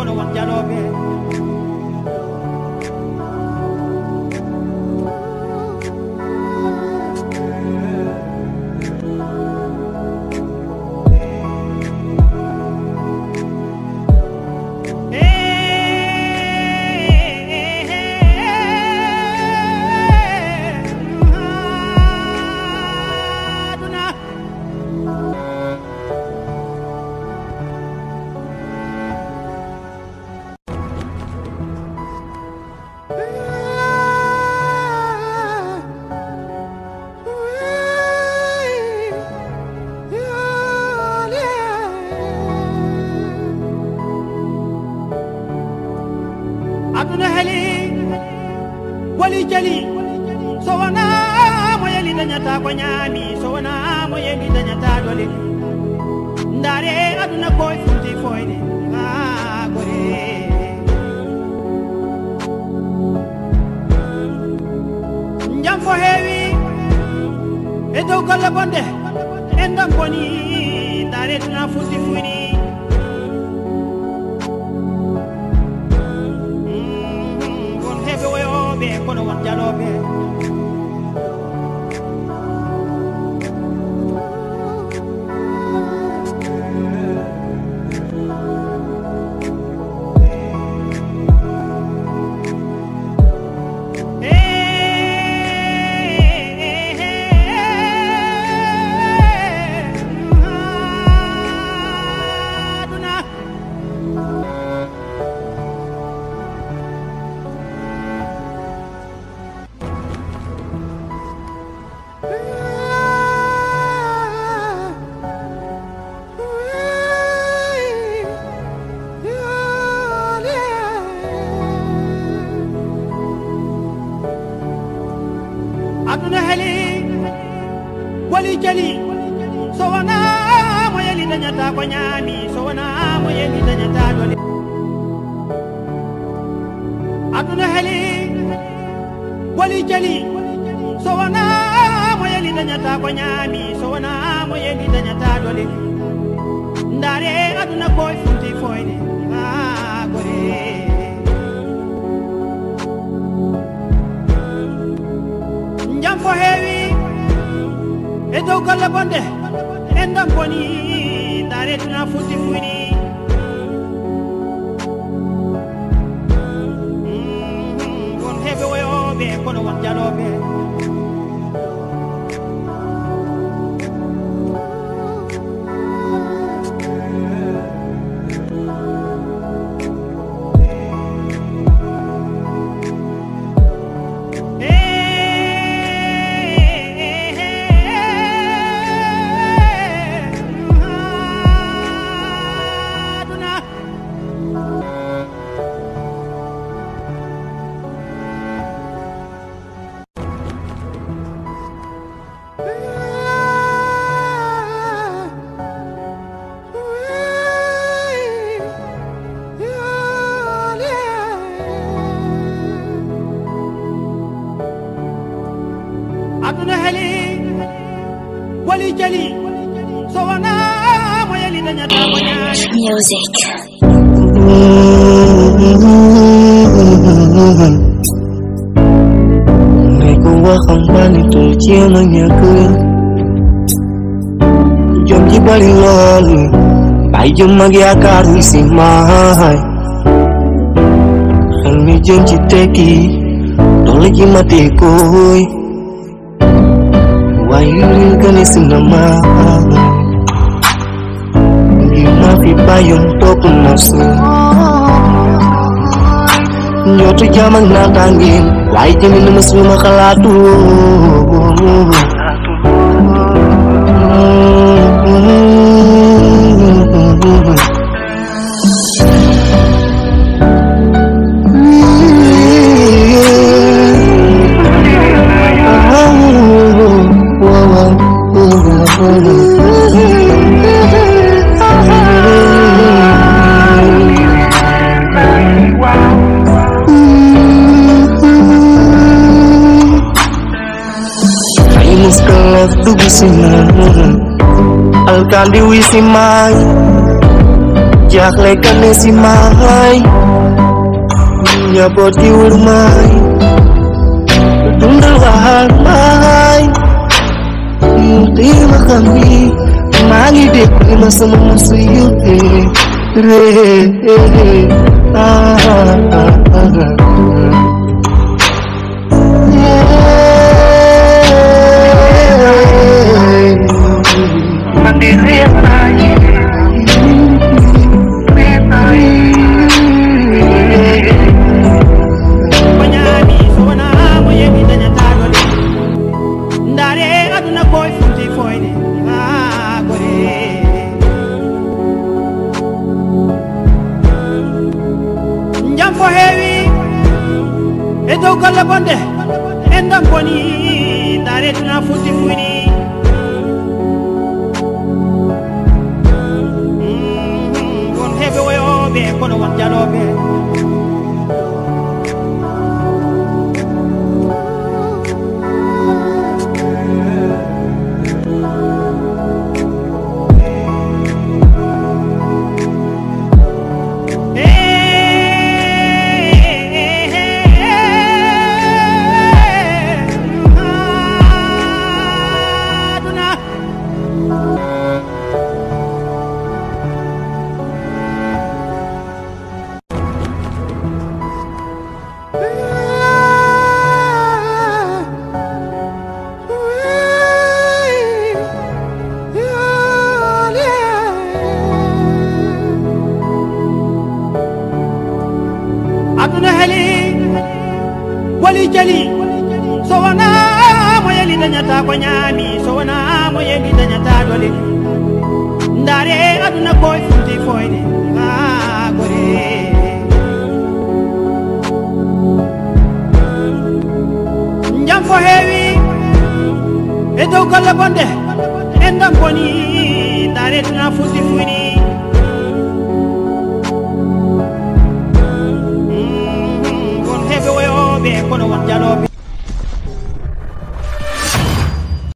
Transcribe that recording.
kono won jalooɓe أهلي ولجلي سوانا مويلي دنيتا كونيامي سوانا مويلي دنيتا دولي ndare aduna koy futi foyde ma gore jam fo heewi e dow golle bonde en dam boni ndare duna futi fuyni kono won jalooɓe من أهلي ولجلي سوانا ميلي دنيتا بنيامي سوانا ميلي دنيتا دولي أدنى أهلي ولجلي سوانا ميلي دنيتا بنيامي سوانا ميلي دنيتا دولي ndare aduna koy funti foyde golle bonde en ɗon boni daretuna futti fuyni won heɓe woyoɓe kono won jaloɓe ngày cũng qua không ba ni tu chia nó nhà cười jom ji bali lali bai jom magi akari si mahai ang mi jom ji teki dole ji mati koi bàyyil galis oh. na ma li ma fi bàyyoon topp na si njootu jàmm ak naataangeem laay jëmi na ma suma xalaatu Prince Club dugg si na alkandi wi si maay jaaxle gane si maay njaboot gi wër maay dundal waar maay yu tee ma xam ni maa ngi dégg ma sama musu yu tee ree ah, ah, ah, ah. Amboni, Daretna Futifuni. Won heavy way over, gonna want that over. jali so wonamo yali dañata ko ñaami so wonamo yali dañata dole ndaare aduna ko fulti foyde ha gore jam fo heewi e dow golle bonde en dam boni ndaare duna fulti fuyni kono won jalooɓe